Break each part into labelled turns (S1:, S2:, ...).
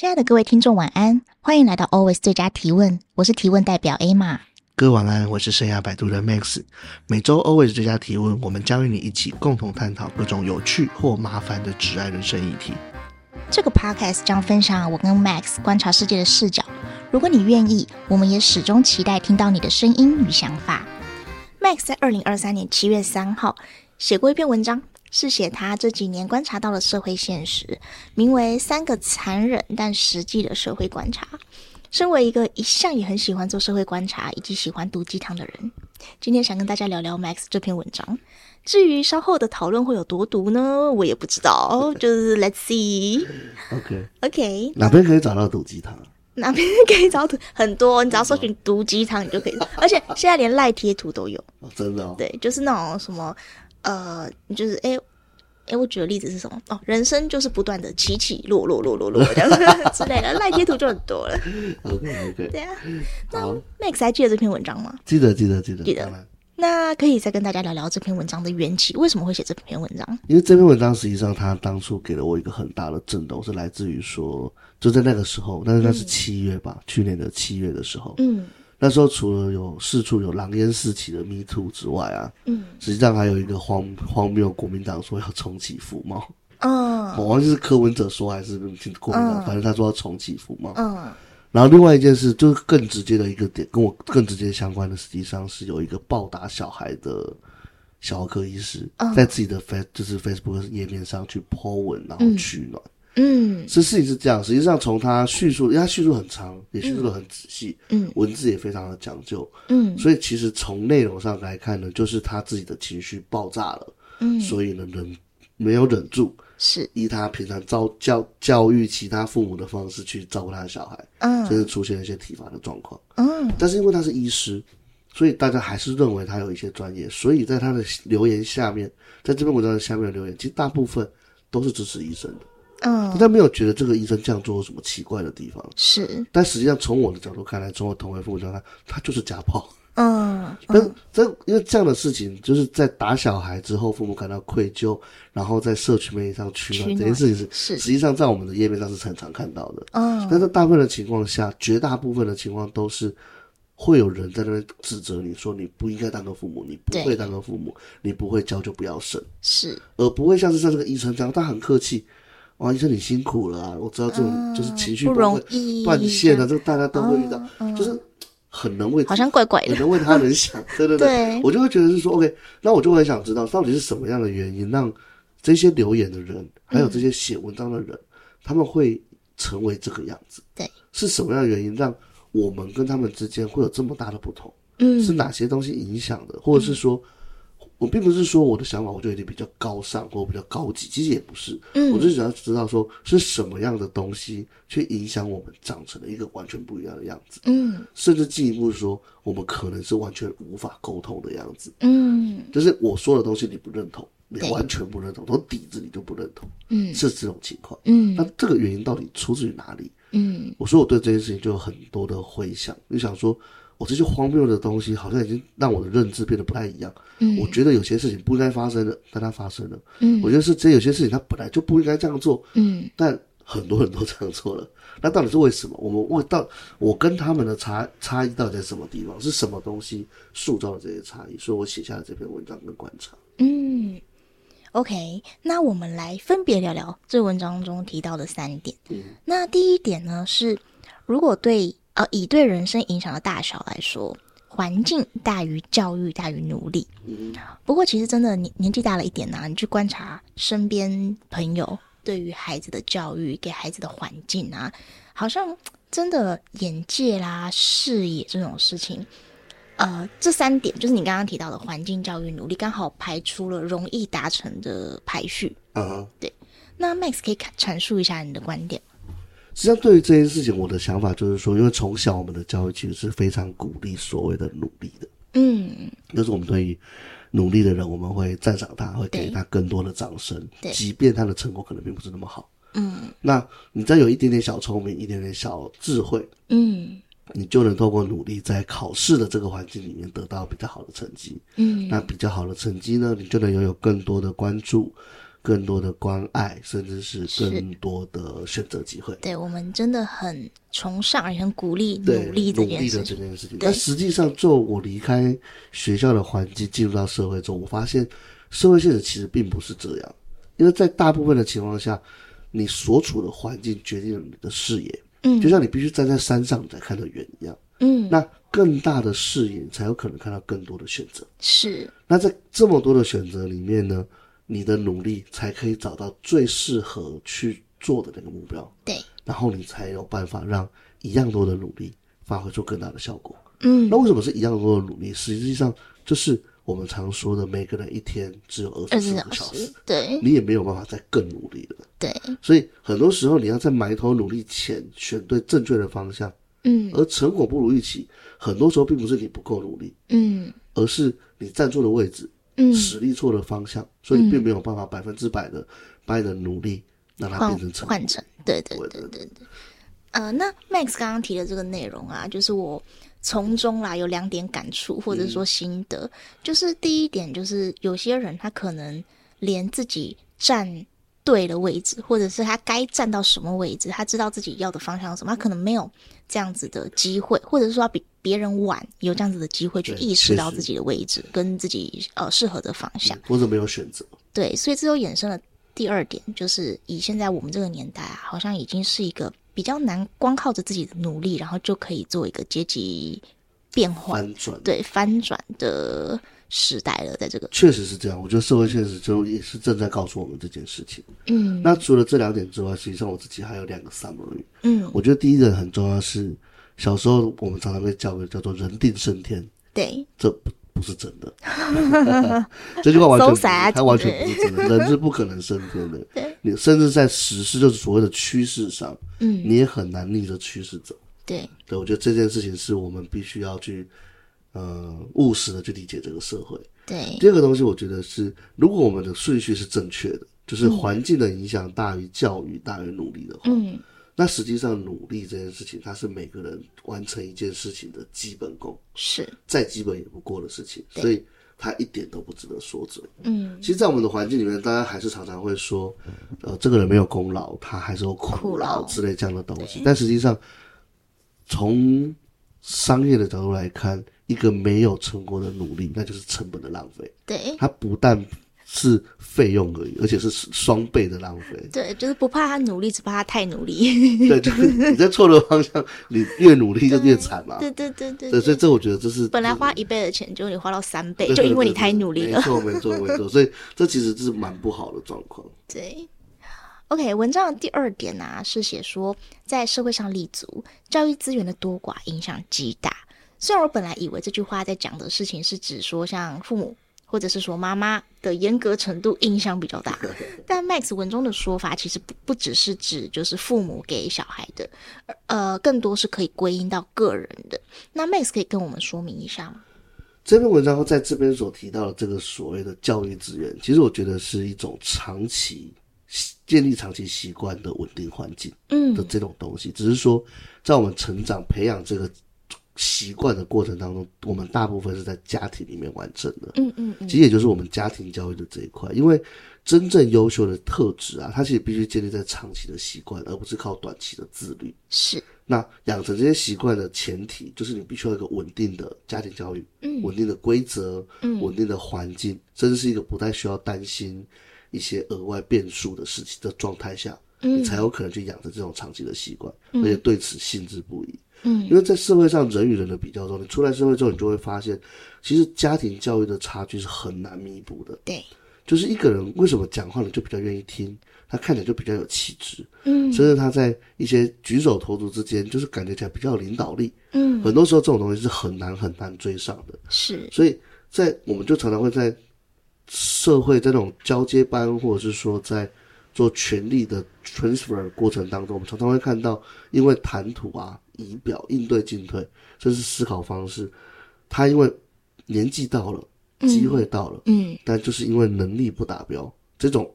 S1: 親愛的各位聽眾，晚安！歡迎來到 Always 最佳提問，我是提問代表 Emma。
S2: 哥晚安，我是生涯擺渡的 Max。每周 Always 最佳提問，我們將與你一起共同探討各種有趣或麻煩的職涯人生議題。
S1: 這個 podcast 將分享我跟 Max 觀察世界的視角。如果你願意，我們也始終期待聽到你的聲音與想法。Max 在二零二三年七月三號寫過一篇文章。是寫他這幾年觀察到的社會現實，名為《三個殘忍但實際的社會觀察》。身為一個一向也很喜歡做社會觀察以及喜歡毒雞湯的人，今天想跟大家聊聊 Max 這篇文章。至於稍後的討論會有多毒呢？我也不知道， 就是 Let's see。OK OK。
S2: 哪邊可以找到毒雞湯？
S1: 哪邊可以找毒？很多，你只要搜尋“毒雞湯”你就可以。而且現在連賴貼圖都有。 哦、真的、哦？對，就是那種什麼。呃，就是哎，哎，我舉的例子是什麼？哦，人生就是不斷的起起落落落落落這樣 之類的，賴貼圖
S2: 就很多了。 OK，OK，Okay, okay.
S1: 對呀、啊。那 Max 還記得這篇文章嗎？
S2: 記得，記得，記得。記得嗎？
S1: 啊、那可以再跟大家聊聊這篇文章的緣起，為什麼會寫這篇
S3: 文章？
S2: 因為這篇文章實際上，它當初給了我一個很大的震動，是來自於說，就在那個時候，但是那是七月吧，嗯、去年的七月的時候。嗯。那時候除了有四處有狼煙四起的 Me Too 之外啊，嗯，實際上還有一個荒荒謬，國民黨說要重啟服貿，嗯、哦，我忘記是柯文哲說還是國民黨，哦、反正他說要重啟服貿，嗯、哦，然後另外一件事就是更直接的一個點，跟我更直接相關的實際上是有一個暴打小孩的小兒科醫師，在自己的 Face 就是 Facebook 頁面上去 po 文，然後取暖。嗯嗯，是事情是這樣。實際上，從他敘述，因為他敘述很長，也敘述的很仔細，嗯，嗯，文字也非常的講究，嗯，嗯，所以其實從內容上來看呢，就是他自己的情緒爆炸了，嗯，所以呢，忍，沒有忍住，是，以他平常教教教育其他父母的方式去照顧他的小孩，嗯，所以是出現了一些體罰的狀況，嗯，但是因為他是醫師，所以大家還是認為他有一些專業，所以在他的留言下面，在這篇文章的下面的留言，其實大部分都是支持醫生的。嗯，他沒有覺得這個醫生這樣做有什麼奇怪的地方。是，但實際上從我的角度看來，從我同為父母角度看，他就是家暴。嗯，那這因為這樣的事情，就是在打小孩之後，父母感到愧疚，然後在社群媒體上取暖。這件事情是實際上在我們的頁面上是常常看到的。嗯，但是大部分的情況下，絕大部分的情況都是會有人在那邊指責你說你不應該當個父母，你不會當個父母，你不會教就不要生。是，而不會像是像這個醫生這樣，他很客氣。王、哦、醫生，你辛苦了、啊，我知道這種就是情緒不、啊嗯、不容易斷線啊，這個大家都會遇到，嗯、就是很能為、嗯、好像怪怪的，很能為他人想，對對對，對我就會覺得是說，OK，那我就會想知道到底是什麼樣的原因讓這些留言的人，還有這些寫文章的人，嗯、他們會成為這個樣子，對，是什麼樣的原因讓我們跟他們之間會有這麼大的不同？嗯，是哪些東西影響的，或者是說？嗯我並不是說我的想法我就已經比較高尚或比較高級，其實也不是。嗯，我就想要知道說是什麼樣的東西去影響我們長成了一個完全不一樣的樣子。嗯，甚至進一步說，我們可能是完全無法溝通的樣子。
S3: 嗯，
S2: 就是我說的東西你不認同，你完全不認同，嗯，從底子你就不認同。嗯，是這種情況。嗯，那這個原因到底出自於哪裡？嗯，我說我對這件事情就有很多的回想，就想說。我這些荒謬的東西，好像已經讓我的認知變得不太一樣。嗯，我覺得有些事情不應該發生了，但它發生了。嗯，我覺得是這些有些事情它本來就不應該這樣做。嗯，但很多人都這樣做了。那到底是為什麼？我們問到我跟他們的差差異到底在什麼地方？是什麼東西塑造了這些差異？所以我寫下了這篇文章跟觀察。嗯
S1: ，OK，那我們來分別聊聊這文章中提到的三點。嗯，那第一點呢是，如果對。而以對人生影響的大小來說，環境大於教育大於努力。嗯，不過其實真的年年紀大了一點呢、啊，你去觀察身邊朋友對於孩子的教育、給孩子的環境啊，好像真的眼界啦、視野這種事情，呃，這三點就是你剛剛提到的環境、教育、努力，剛好排出了容易達成的
S2: 排序。嗯、uh-huh. 對。
S1: 那 Max 可以闡述一下你的觀點。
S2: 實際上，對於這件事情，我的想法就是說，因為從小我們的教育其實是非常鼓勵所謂的努力的，
S3: 嗯，
S2: 就是我們對於努力的人，我們會讚賞他，會給他更多的掌聲，對，即便他的成果可能並不是那麼好，嗯，那你再有一點點小聰明，一點點小智慧，
S3: 嗯，
S2: 你就能透過努力，在考試的這個環境裡面得到比較好的成績，嗯，那比較好的成績呢，你就能擁有更多的關注。更多的關愛，甚至是更多的選擇機會。
S1: 對，我們真的很崇尚，也很鼓勵對努力的這件
S2: 事情。情對但實際上，就我離開學校的環境，進入到社會中，我發現社會現實其實並不是這樣。因為在大部分的情況下，你所處的環境決定了你的視野。嗯，就像你必須站在山上你才看得遠一樣。嗯，那更大的視野才有可能看到更多的選擇。是。那在這麼多的選擇裡面呢，你的努力才可以找到最適合去做的那個目標，對，然後你才有辦法讓一樣多的努力發揮出更大的效果。嗯，那為什麼是一樣多的努力？實際上，就是我們常說的，每個人一天只有二十四個小時，對，你也沒有辦法再更努力了。對，所以很多時候你要在埋頭努力前選對正確的方向。嗯，而成果不如預期，很多時候並不是你不夠努力，嗯，而是你站錯的位置。實力錯了方向，嗯、所以你並沒有辦法百分之百的，把你、嗯、的努力讓它變成成換，換成對對對對對，
S1: 的呃，那 Max 剛剛提的這個內容啊，就是我從中啦、嗯、有兩點感觸或者說心得，嗯、就是第一點就是有些人他可能連自己佔。對的位置，或者是他該站到什麼位置，他知道自己要的方向是什麼，他可能沒有這樣子的機會，或者是說要比別人晚有這樣子的機會去意識到自己的位置實跟自己呃適合的方向。
S2: 嗯、我都沒有選擇。
S1: 對，所以這就衍生了第二點，就是以現在我們這個年代啊，好像已經是一個比較難，光靠着自己的努力，然後就可以做一個階級變換，翻轉對翻轉的。時代了，在這個
S2: 確實是這樣，我覺得社會現實中也是正在告訴我們這件事情。嗯，那除了這兩點之外，實際上我自己還有兩個 summary。嗯，我覺得第一點很重要是，小時候我們常常被教的叫做“人定勝天”，對，這不是真的。
S1: 這句話完全，它完全不是真的。人是
S2: 不可能勝天的。你甚至在時事，就是所謂的趨勢上，嗯，你也很難逆着趨勢走。
S1: 對，
S2: 對我覺得這件事情是我們必須要去。呃，務實的去理解這個社會。對，第二個東西，我覺得是，如果我們的順序是正確的，就是環境的影響大於教育、嗯、大於努力的話，嗯，那實際上努力這件事情，它是每個人完成一件事情的基本功，是再基本也不過的事情，對所以它一點都不值得說嘴。嗯，其實，在我們的環境裡面，大家還是常常會說，呃，這個人沒有功勞，他還是有苦勞之類這樣的東西，但實際上，從商業的角度來看。一個沒有成功的努力，那就是成本的浪費。對，它不但是費用而已，而且是雙倍的浪費。
S1: 對，就是不怕他努力，只怕他太努力。 對，就
S2: 是你在錯的方向，你越努力就越慘嘛、啊。對對對對，對，對，對，所以這我覺得這是
S1: 本來花一倍的錢，就對結果你花到三倍，對對對對，就因為你太努力了。沒錯
S2: 沒錯沒錯， 所以這其實是蠻不好的狀況。對
S1: ，OK，文章的第二點呢、啊、是寫說，在社會上立足，教育資源的多寡影響極大。雖然我本來以為這句話在講的事情是指說像父母或者是說媽媽的嚴格程度影響比較大， 但 Max 文中的說法其實不不只是指就是父母給小孩的，呃，更多是可以歸因到個人的。那 Max 可以跟我們說明一下嗎？
S2: 這篇文章在這邊所提到的這個所謂的教育資源，其實我覺得是一種長期建立長期習慣的穩定環境，嗯，的這種東西，嗯，只是說在我們成長培養這個。習慣的過程當中，我們大部分是在家庭裡面完成的。嗯，嗯嗯，其實也就是我們家庭教育的這一塊，因為真正優秀的特質啊，它其實必須建立在長期的習慣，而不是靠短期的自律。是。那養成這些習慣的前提，就是你必須要有一個穩定的家庭教育，嗯，穩定的規則，嗯，穩定的環境，真、嗯、是一個不太需要擔心一些額外變數的事情的狀態下，嗯，你才有可能去養成這種長期的習慣，嗯、而且對此興致不已。嗯，因為在社會上人與人的比較中，嗯、你出來社會之後，你就會發現，其實家庭教育的差距是很難彌補的。
S3: 對，
S2: 就是一個人為什麼講話呢？就比較願意聽，他看起來就比較有氣質，嗯，甚至他在一些舉手投足之間，就是感覺起來比較有領導力，嗯，很多時候這種東西是很難很難追上的。是，所以在我們就常常會在社會這種交接班，或者是說在。做權力的 transfer 過程當中，我們常常會看到，因為談吐啊、儀表、應對進退，甚至思考方式。他因為年紀到了，機會到了，嗯，但就是因為能力不達標，嗯、這種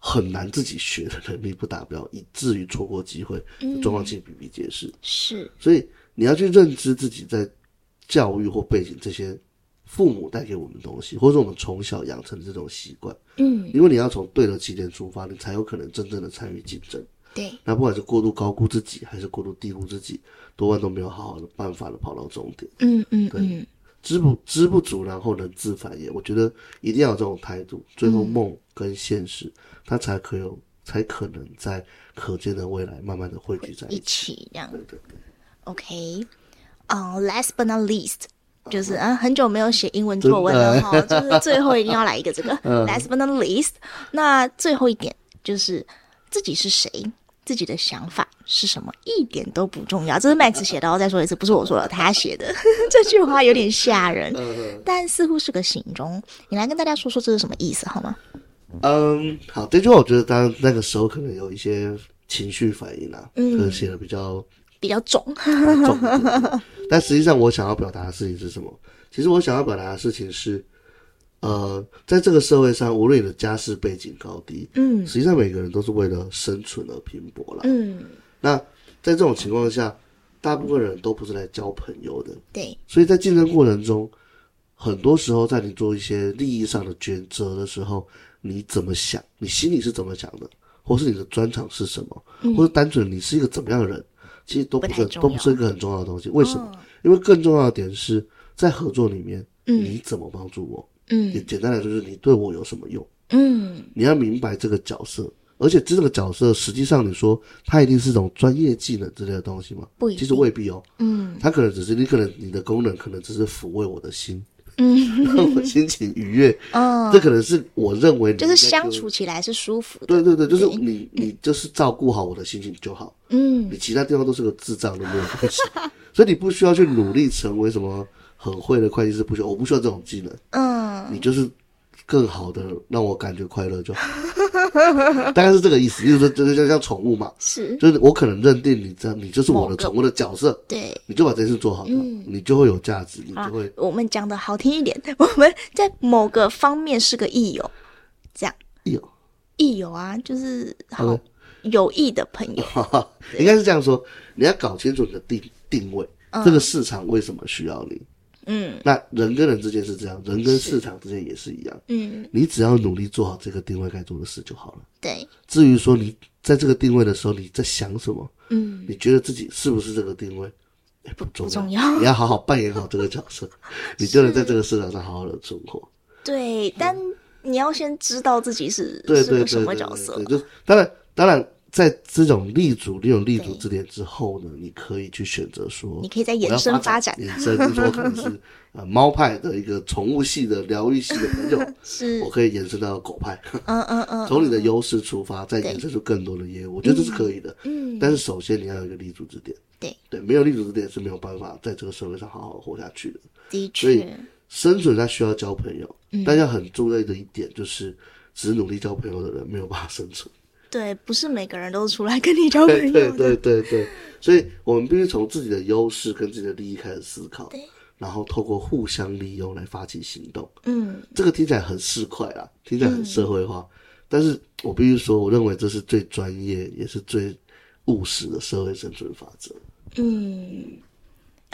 S2: 很難自己學的能力不達標，以至於錯過機會，狀況其實比比皆是、嗯。是，所以你要去認知自己在教育或背景這些。父母帶給我們東西，或者我們從小養成這種習慣，嗯，因為你要從對的起點出發，你才有可能真正的參與競爭。對，那不管是過度高估自己，還是過度低估自己，多半都沒有好好的辦法的跑到終點。嗯嗯，
S3: 嗯嗯對，
S2: 知不知不足，然後能自反也。嗯、我覺得一定要有這種態度，最後夢跟現實，嗯、它才可有，才可能在可見的未來慢慢的匯聚在一起。
S1: 一起對對對，OK，嗯、uh，，last but not least。就是、嗯、很久沒有寫英文作文了哈的、哦，就是最後一定要來一個這個。Last、 嗯、but not least，那最後一點就是自己是誰，自己的想法是什麼，一點都不重要。這是 Max 寫的，我 再說一次，不是我說的，他寫的 這句話有點嚇人，嗯、但似乎是個警鐘。你來跟大家說說這是什麼意思好嗎？
S2: 嗯，好，這句話我覺得當那個時候可能有一些情緒反應啊，嗯、可能寫的比較。
S1: 比較重
S2: 但實際上我想要表達的事情是什麼？其實我想要表達的事情是，呃，在這個社會上，無論你的家世背景高低，嗯，實際上每個人都是為了生存而拼搏啦。嗯。那在這種情況下，大部分人都不是來交朋友的，對、嗯。所以在競爭過程中，對很多時候在你做一些利益上的抉擇的時候，你怎麼想？你心裡是怎麼想的？或是你的專長是什麼？或是單純你是一個怎麼樣的人？嗯其實都不是不，啊、都不是一個很重要的東西，為什麼？哦、因為更重要的點是在合作裡面，嗯、你怎麼幫助我？嗯，也簡單來說就是你對我有什麼用？嗯，你要明白這個角色，而且這個角色實際上你說它一定是一種專業技能之類的東西嗎？不一定，其實未必哦。嗯，它可能只是你可能你的功能可能只是撫慰我的心。嗯， 讓我心情愉悅，嗯，這可能是我認為、那個，就是相處
S1: 起來是舒服的。對對對，就是你，
S2: 嗯、你就是照顧好我的心情就好，嗯，你其他地方都是個智障都沒有關係， 所以你不需要去努力成為什麼很會的會計師，不需要，我不需要這種技能，嗯，你就是更好的讓我感覺快樂就好。大概是這個意思，就是說，就是像像寵物嘛，是，就是我可能認定你，這你就是我的寵物的角色，對，你就把這件事做好，嗯，你就會有價值，你就會。
S1: 我們講的好聽一點，我們在某個方面是個益友，這樣，益友，益友啊，就是好，有益的朋
S2: 友，應該是這樣說。你要搞清楚你的定定位，這個市場為什麼需要你。嗯，那人跟人之間是這樣，人跟市場之間也是一樣。嗯，你只要努力做好這個定位該做的事就好了。對，至於說你在這個定位的時候，你在想什麼，嗯，你覺得自己是不是這個定位，嗯欸、不重要，不重要，你要好好扮演好這個角色， 是你就能在這個市場上好好的存活。
S1: 對，但你要先知道自己是，
S2: 對對對，是是個什麼角色？對對對對對就是、當然，當然。在這種立足、這種立足之點之後呢，你可以去選擇說，你可以再延伸發展，延伸就是說可能是呃貓派的一個寵物系的療癒系的朋友，我可以延伸到狗派，嗯嗯嗯，從你的優勢出發，再延伸出更多的業務，我覺得這是可以的。嗯，但是首先你要有一個立足之點，對對，沒有立足之點是沒有辦法在這個社會上好好活下去的。所以生存它需要交朋友，但要很注意的一點就是，只努力交朋友的人沒有辦法生存。
S1: 對，不是每個人都出來跟你交朋友的。對，
S2: 對對對對，所以我們必須從自己的優勢跟自己的利益開始思考，對然後透過互相利用來發起行動。嗯，這個聽起來很市儈啊，聽起來很社會化，嗯、但是我必須說，我認為這是最專業也是最務實的社會生存法則。嗯。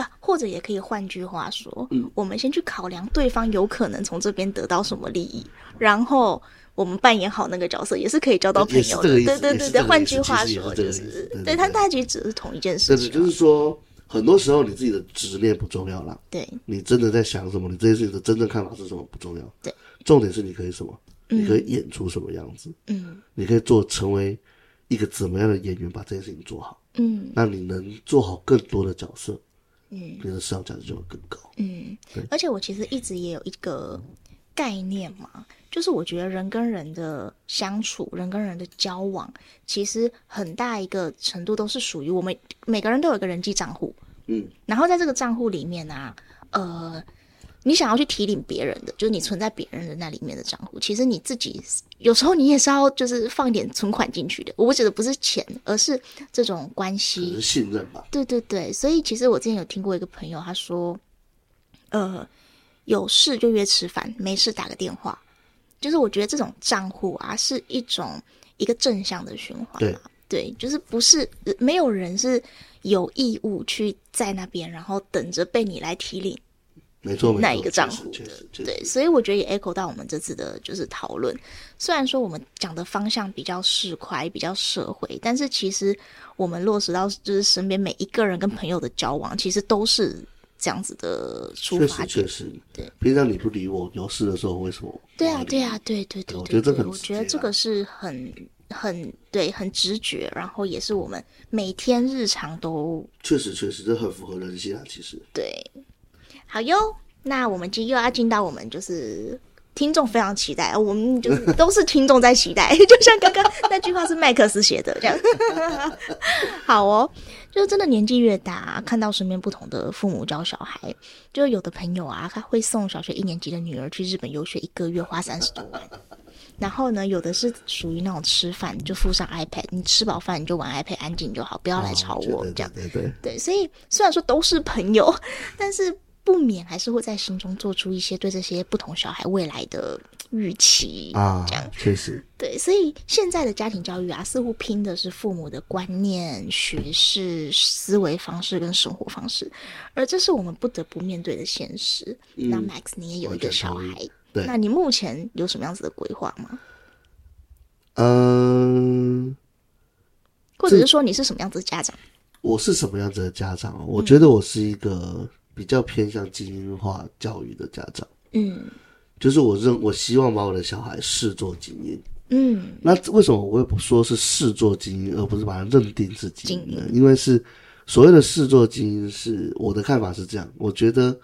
S1: 啊，或者也可以換句話說，嗯，我們先去考量對方有可能從這邊得到什麼利益，然後我們扮演好那個角色，也是可以交到朋友，對對對對，換句話說就是，對他大局只是同一件事。但是就是
S2: 說，很多時候你自己的執念不重要了，對，你真的在想什麼，你這件事情的真正看法是什麼不重要，對，重點是你可以什麼，
S3: 你可以演
S2: 出什麼樣子，嗯，你可以做成為一個怎麼樣的演員，把這件事情做好，嗯，那你能做好更多的角色。嗯，價值就會更高。
S3: 嗯，
S2: 對而
S1: 且我其實一直也有一個概念嘛，就是我覺得人跟人的相處，人跟人的交往，其實很大一個程度都是屬於我們每，每個人都有一個人際賬戶。嗯，然後在這個賬戶裡面呢、啊，呃。你想要去提領別人的，就是你存在別人的那裡面的賬戶。其實你自己有時候你也是要，就是放一點存款進去的。我指的不是錢，而是這種關係，
S2: 是信任吧？
S1: 對對對。所以其實我之前有聽過一個朋友，他說，呃，有事就約吃飯，沒事打個電話。就是我覺得這種賬戶啊，是一種一個正向的循環啊嘛。對，對，就是不是，沒有人是有義務去在那邊，然後等着被你來提領。
S2: 沒錯沒錯，那一個賬
S1: 戶，確實，對，所以我覺得也 echo 到我們這次的就是討論。雖然說我們講的方向比較市儈、比較社會，但是其實我們落實到就是身邊每一個人跟朋友的交往，嗯、其實都是這樣子的出發點。確實，確
S2: 實，對，平常你不理我，有事的時候，為什麼？對啊，
S1: 對啊，對對對、對、對、對。我覺得這很、啊，我覺得這個是很很對，很直覺，然後也是我們每天日常都。
S2: 確實，確實，這很符合人性啊，其實。對。
S1: 好喲，那我們今又要進到我們就是聽眾非常期待，我們就是都是聽眾在期待， 就像剛剛那句話是麥克斯寫的這樣。 好哦，就是真的年紀越大，啊，看到身邊不同的父母教小孩，就有的朋友啊，他會送小學一年級的女兒去日本遊學一個月花，花三十多
S3: 萬。
S1: 然後呢，有的是屬於那種吃飯就附上 iPad，你吃飽飯你就玩 iPad，安靜就好，不要來吵我，哦，
S3: 對對對對這樣。對對
S1: 對，所以雖然說都是朋友，但是。不免還是會在心中做出一些對這些不同小孩未來的預期啊，這樣確實對。所以現在的家庭教育啊，似乎拼的是父母的觀念、學識、思維方式跟生活方式，而這是我們不得不面對的現實。嗯，那 Max，你也有
S2: 一個小孩，對，那你
S1: 目前有什麼樣子的規劃嗎？嗯，
S2: 或者是
S1: 說你是什麼樣子的家長？
S2: 我是什麼樣子的家長？嗯，我覺得我是一個。比較偏向精英化教育的家長，嗯，就是我認我希望把我的小孩視作精英，嗯，那為什麼我會不說是視作精英，而不是把他認定自己精、精英？因為是所謂的視作精英是，是我的看法是這樣，我覺得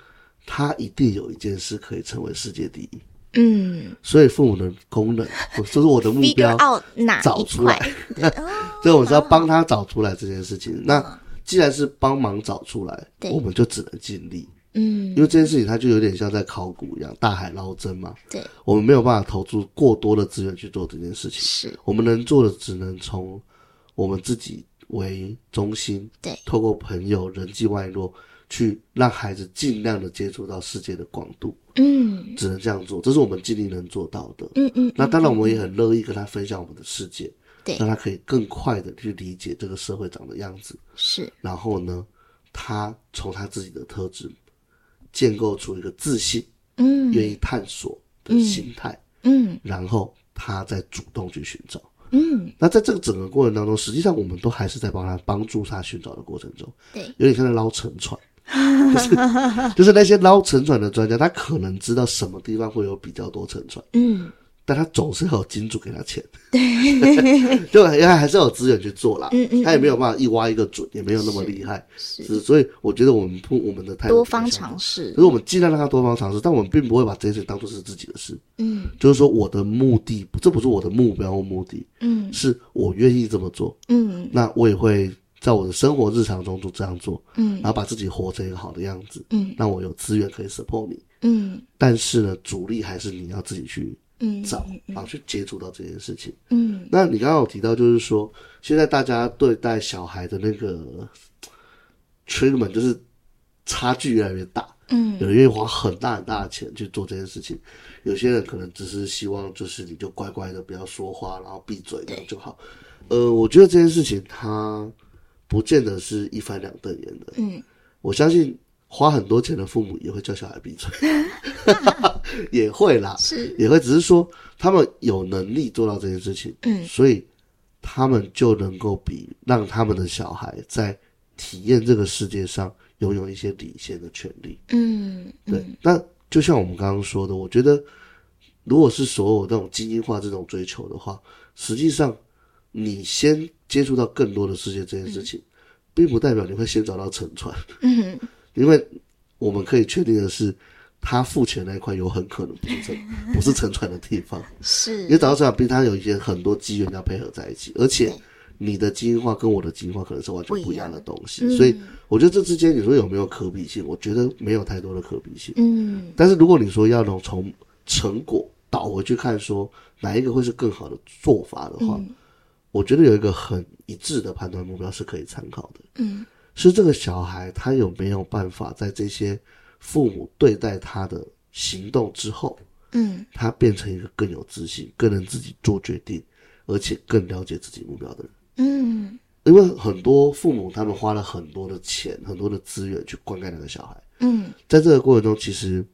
S2: 他一定有一件事可以成為世界第一，嗯，所以父母的功能，就是我的目標，哦哪一塊，找出來。所以我是要幫他找出來這件事情，哦、那。既然是幫忙找出來，對我們就只能盡力。嗯，
S3: 因為
S2: 這件事情，它就有點像在考古一樣，大海撈針嘛。對，我們沒有辦法投注過多的資源去做這件事情。是，我們能做的只能從我們自己為中心，對，透過朋友、人際外擴，去讓孩子盡量的接觸到世界的廣度。嗯，只能這樣做，這是我們盡力能做到的。嗯嗯，
S3: 嗯，那當然，我們也很
S2: 樂意跟他分享我們的世界。對讓他可以更快的去理解這個社會長的樣子，是。然後呢，他從他自己的特質，建構出一個自信，嗯，願意探索的心態，嗯。嗯然後他再主動去尋找，嗯。那在這個整個過程當中，實際上我們都還是在幫他幫助他尋找的過程中，對。有點像在撈沉船， 就是那些撈沉船的專家，他可能知道什麼地方會有比較多沉船，嗯。但他總是要有金主給他錢，對，對，原來還是要有資源去做啦。嗯嗯，他也沒有辦法一挖一個準，也沒有那麼厲害。 是，是 所以我覺得我們不，我們的態度多
S1: 方嘗試。所以，我們
S2: 儘量讓他多方嘗試，但我們並不會把這些事當做是自己的事。嗯，就是說，我的目的，這不是我的目標或目的。嗯，是我願意這麼做。嗯，那我也會在我的生活日常中就這樣做。嗯，然後把自己活成一個好的樣子。嗯，那我有資源可以 support 你。嗯，但是呢，主力還是你要自己去。嗯，找，然後、啊、去接觸到這件事情。嗯，嗯，那你剛剛有提到，就是說現在大家對待小孩的那個 treatment 就是差距越來越大。嗯，有人願意花很大很大的錢去做這件事情，有些人可能只是希望就是你就乖乖的不要說話，然後閉嘴這樣就好。呃，我覺得這件事情它不見得是一翻兩瞪眼的。嗯，我相信。花很多錢的父母也會叫小孩閉嘴，也會啦，也會，只是說他們有能力做到這件事情，嗯，所以他們就能夠比讓他們的小孩在體驗這個世界上擁有一些領先的權利，嗯，
S3: 對。
S2: 那就像我們剛剛說的，我覺得如果是所有這種精英化這種追求的話，實際上你先接觸到更多的世界這件事情，並不代表你會先找到沉船，嗯。因為我們可以確定的是，他付錢那一塊有很可能不
S3: 是不是沉
S2: 船的地方， 是。因為倒船比他有一些很多機緣要配合在一起，而且你的基因化跟我的基因化可能是完全不一樣的東西，所以我覺得這之間你說有沒有可比性，我覺得沒有太多的可比性。嗯。但是如果你說要能從成果倒回去看，說哪一個會是更好的做法的話，我覺得有一個很一致的判斷目標是可以參考的。 嗯。是這個小孩，他有沒有辦法在這些父母對待他的行動之後，嗯，他變成一個更有自信、更能自己做決定，而且更了解自己目標的人，嗯，因為很多父母他們花了很多的錢、很多的資源去灌溉那個小孩，嗯，在這個過程中，其實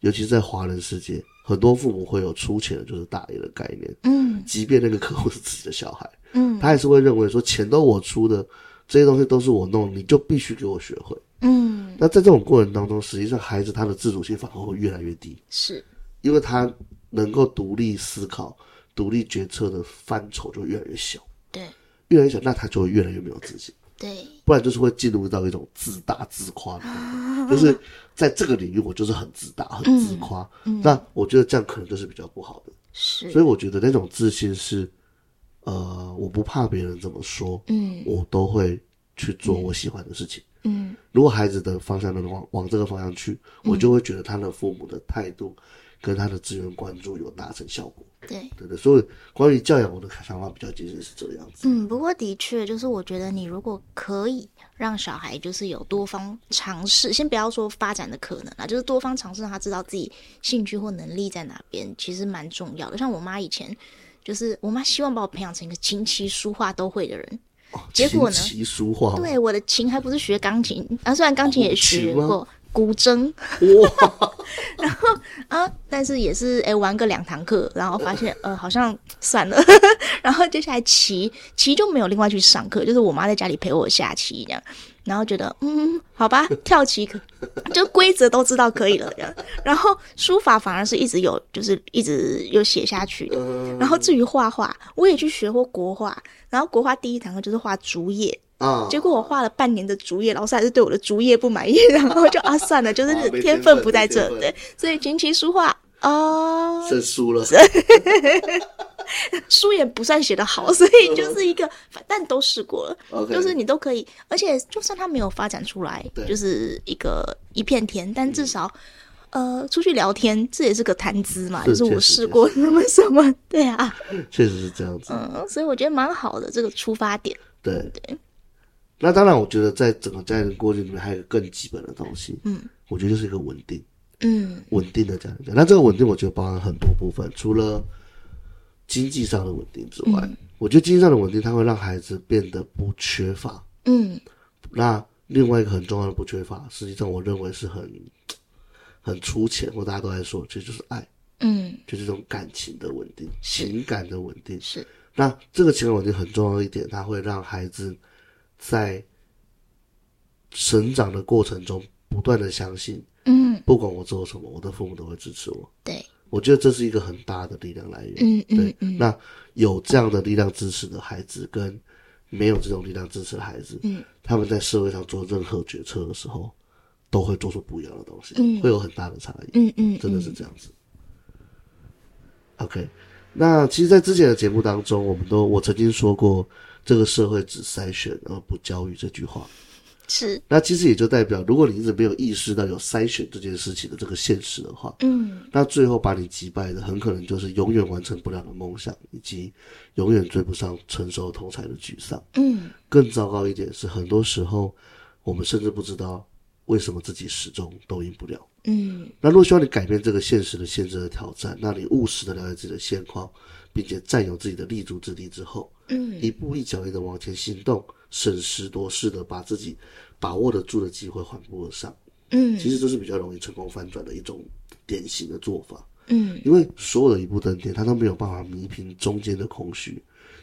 S2: 尤其是在華人世界，很多父母會有出錢的就是大爺的概念，嗯，即便那個客戶是自己的小孩，嗯，他還是會認為說錢都我出的。這些東西都是我弄，你就必須給我學會。
S3: 嗯，
S2: 那在這種過程當中，實際上孩子他的自主性反而會越來越低，是因為他能夠獨立思考、獨立決策的範疇就越來越小，
S3: 對，
S2: 越來越小，那他就會越來越沒有自信，
S3: 對，
S2: 不然就是會進入到一種自大自誇的，啊、就是在這個領域我就是很自大、很自誇，嗯、那我覺得這樣可能就是比較不好的，
S3: 是，所以我
S2: 覺得那種自信是。呃，我不怕別人怎麼說，嗯，我都會去做我喜歡的事情，嗯。嗯，如果孩子的方向能往往這個方向去，嗯，我就會覺得他的父母的態度跟他的資源關注有達成效果，對，對對，所以關於教養，我的看法比較接近是這樣
S1: 子。嗯，不過的確，就是我覺得你如果可以讓小孩就是有多方嘗試，先不要說發展的可能啊，就是多方嘗試，讓他知道自己興趣或能力在哪邊，其實蠻重要的。像我媽以前。就是我媽希望把我培養成一個琴棋書畫都會的人，
S2: 哦、琴棋書畫，結果呢？
S1: 對我的琴還不是學鋼琴啊，雖然鋼琴也學過古箏古爭 哇， 然後啊，但是也是誒、欸、玩個兩堂課，然後發現呃，好像算了， 然後接下來棋棋，就沒有另外去上課，就是我媽在家裡陪我下棋這樣。然後覺得嗯，好吧，跳棋可 就規則都知道可以了這樣。然後書法反而是一直有，就是一直有寫下去的。嗯、然後至於畫畫，我也去學過國畫。然後國畫第一堂課就是畫竹葉，哦、結果我畫了半年的竹葉，老師還是對我的竹葉不滿意。然後就啊，算了，就是天分，天分不在這，對。所以琴棋書畫哦，
S2: 剩書了。
S1: 書也不算寫得好，所以就是一個，但都試過了，就是你都可以，而且就算他沒有發展出來，就是一個一片天。但至少，呃，出去聊天這也是個談資嘛，就是我試過那麼什麼，對啊，
S2: 確實是這樣子，嗯，
S1: 所以我覺得蠻好的這個出發點，
S2: 對對，那當然我覺得在整個家庭過程裡面還有更基本的東西，嗯，我覺得就是一個穩定，嗯，穩定的家庭，那這個穩定我覺得包含很多部分，除了。經濟上的穩定之外，嗯、我覺得經濟上的穩定，它會讓孩子變得不缺乏。嗯，那另外一個很重要的不缺乏，實際上我認為是很很粗淺，我大家都在說，其實就是愛。嗯，
S3: 就
S2: 是這種感情的穩定、嗯、情感的穩定。是。是。那這個情感穩定很重要一點，它會讓孩子在成長的過程中不斷的相信，嗯，不管我做什麼，我的父母都會支持我。對。我覺得這是一個很大的力量來源，嗯嗯，嗯嗯對，那有這樣的力量支持的孩子跟沒有這種力量支持的孩子，嗯，他們在社會上做任何決策的時候，都會做出不一樣的東西，嗯、會有很大的差異，嗯嗯，嗯嗯真的是這樣子。嗯嗯嗯、OK，那其實，在之前的節目當中，我們都我曾經說過，這個社會只篩選而不教育這句話。是，那其實也就代表，如果你一直沒有意識到有篩選這件事情的這個現實的話，嗯，那最後把你擊敗的，很可能就是永遠完成不了的夢想，以及永遠追不上成熟的同儕的沮喪。嗯，更糟糕一點是，很多時候我們甚至不知道為什麼自己始終都贏不了。嗯，那若需要你改變這個現實的限制和挑戰，那你務實的了解自己的現況，並且占有自己的立足之地之後，嗯，一步一腳印的往前行動。審時度勢的把自己把握得住的機會緩步而上，嗯，其實這是比較容易成功翻轉的一種典型的做法，嗯，因為所有的一步登天，他都沒有辦法彌平中間的空虛，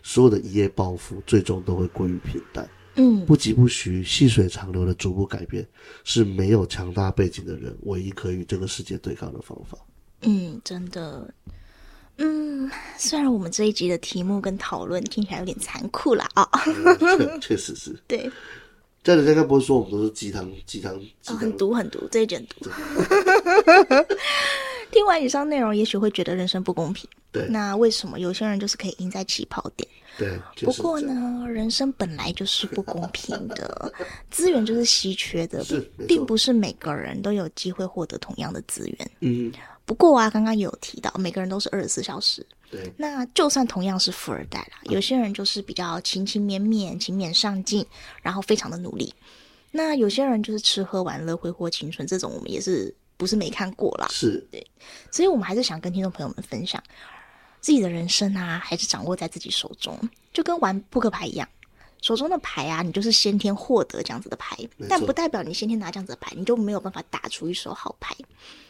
S2: 所有的一夜暴富，最終都會歸於平淡，嗯，不疾不徐，細水長流的逐步改變，是沒有強大背景的人唯一可以與這個世界對抗的方法，嗯，
S1: 真的。嗯，雖然我們這一集的題目跟討論聽起來有點殘酷了啊，
S2: 確、哦嗯、確實是。對，在你剛剛不是說我們都是雞湯雞湯，
S1: 哦、湯很毒很毒，這一集毒。對 聽完以上內容，也許會覺得人生不公平。
S2: 對。
S1: 那為什麼有些人就是可以贏在起跑點？對。
S3: 就是、不過
S1: 呢，人生本來就是不公平的，資 源就是稀缺的，並不是每個人都有機會獲得同樣的資源。嗯。不過啊，剛剛也有提到，每個人都是二十四小時。對。那就算同樣是富二代啦，啊、有些人就是比較勤勤勉勉、勤勉上進，然後非常的努力；那有些人就是吃喝玩樂、揮霍青春，這種我們也是不是沒看過啦？是對。所以我們還是想跟聽眾朋友們分享，自己的人生啊，還是掌握在自己手中，就跟玩撲克牌一樣，手中的牌啊，你就是先天獲得這樣子的牌，沒錯。但不代表你先天拿這樣子的牌，你就沒有辦法打出一手好牌。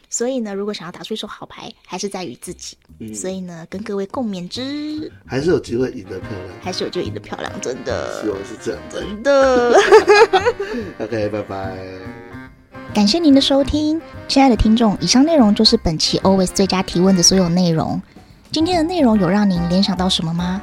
S1: 所以呢，如果想要打出一手好牌，還是在於自己。嗯、所以呢，跟各位共勉之，
S2: 還是有機會贏得漂亮，還是有機會贏得漂亮，真的，希望是，是這樣，真的。 OK，拜拜，
S1: 感謝您的收聽，親愛的聽眾，以上內容就是本期 Always 最佳提問的所有內容。今天的內容有讓您聯想到什麼嗎？